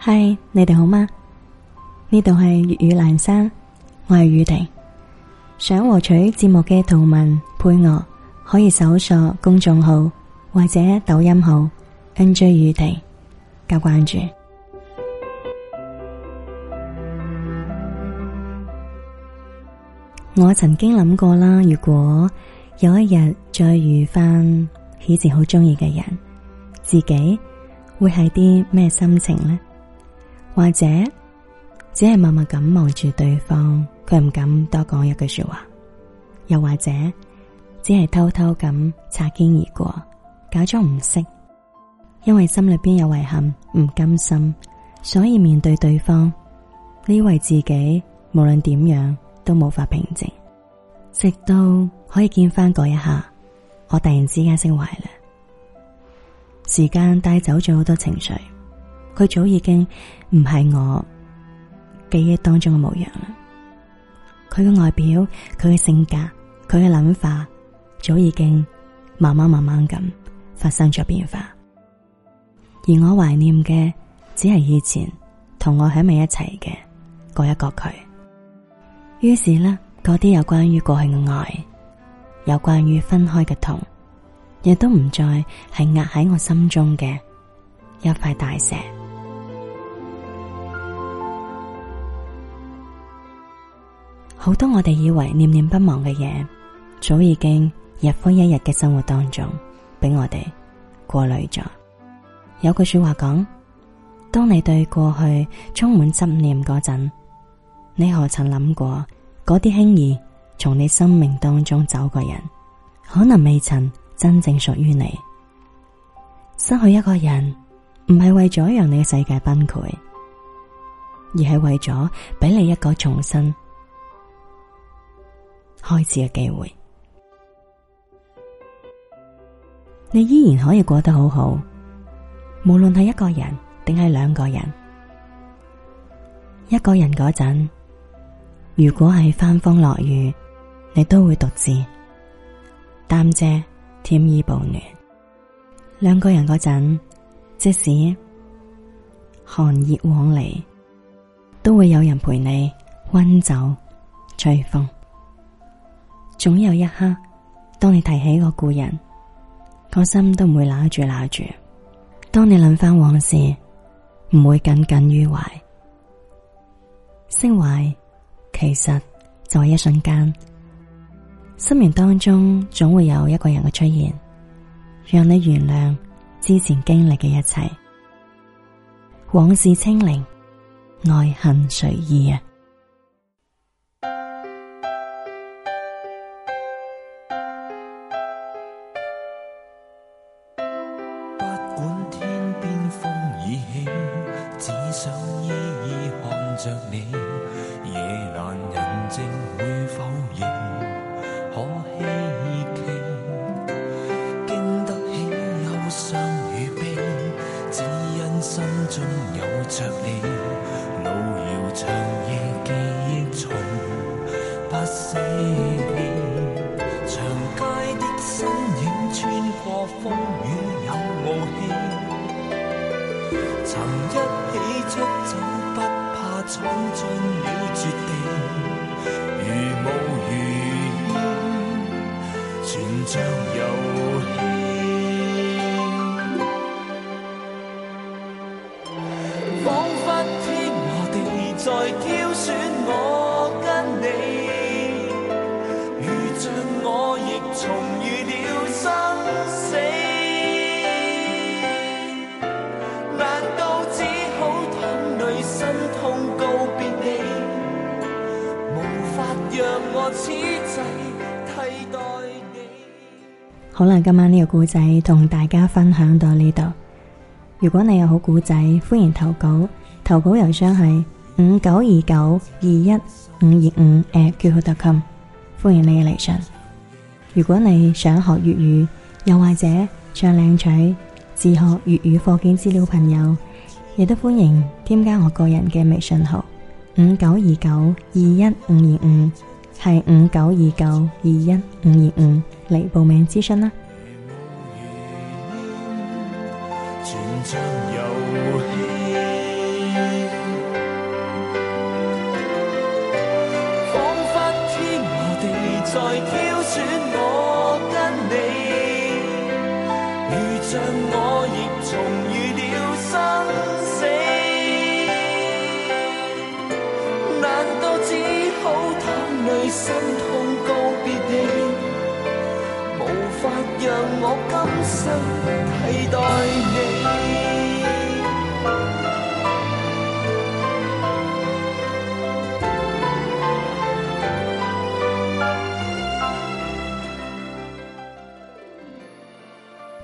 嗨，Hi, 你哋好嗎？呢度係粵語蘭山，我係雨婷。想獲取節目嘅圖文配樂，可以搜索公眾號或者抖音號 N J 雨婷，加關注。我曾經諗過啦，如果有一日再遇翻以前好中意嘅人，自己會係啲咩心情呢？或者只係默默咁望住對方，佢唔敢多講一句說話；又或者只係偷偷咁擦肩而過，假裝唔識。因為心裏邊有遺憾，唔甘心，所以面對對方，你以為自己無論點樣都冇法平靜，直到可以見翻嗰一下，我突然之間釋懷啦。時間帶走咗好多情緒。佢早已經唔係我記憶當中嘅模樣啦。佢嘅外表、佢嘅性格、佢嘅諗法，早已經慢慢慢慢咁發生咗變化。而我懷念嘅，只係以前同我喺埋一齊嘅嗰一個佢。於是呢，嗰啲有關於過去嘅愛，有關於分開嘅痛，亦都唔再係壓喺我心中嘅一塊大石。好多我哋以為念念不忘嘅嘢，早已經日復一日嘅生活當中，俾我哋過濾咗。有句說話講：當你對過去充滿執念嗰陣，你何曾諗過嗰啲輕易從你生命當中走過人，可能未曾真正屬於你。失去一個人，唔係為咗讓你嘅世界崩潰，而係為咗俾你一個重生。開始嘅機會，你依然可以過得好好。無論係一個人定係兩個人，一個人嗰陣，如果係翻風落雨，你都會獨自擔遮添衣保暖。兩個人嗰陣，即使寒熱往嚟，都會有人陪你溫酒吹風。總有一刻，當你提起個故人，個心都唔會揦住揦住。當你諗翻往事，唔會耿耿於懷。釋懷其實就係一瞬間。生命當中總會有一個人嘅出現，讓你原諒之前經歷嘅一切，往事清零，愛恨隨意啊！想依依看着你，夜闌人靜。來挑選我跟你，如像我亦重遇了生死，難道只好淌淚心痛告別你？無法讓我此際替代你。好啦，今晚呢個故仔同大家分享到呢度。如果你有好故仔，歡迎投稿，投稿郵箱係。五九二九二一五二五，誒，叫好特琴，com, 歡迎你嚟信。如果你想學粵語，又或者想領取自學粵語課件資料，朋友亦都歡迎添加我個人嘅微信號五九二九二一五二五，係五九二九二一五二五嚟報名諮詢啦。挑選我跟你，如像我亦重遇了生死，難道只好淌淚心痛告別你，無法讓我今生替代。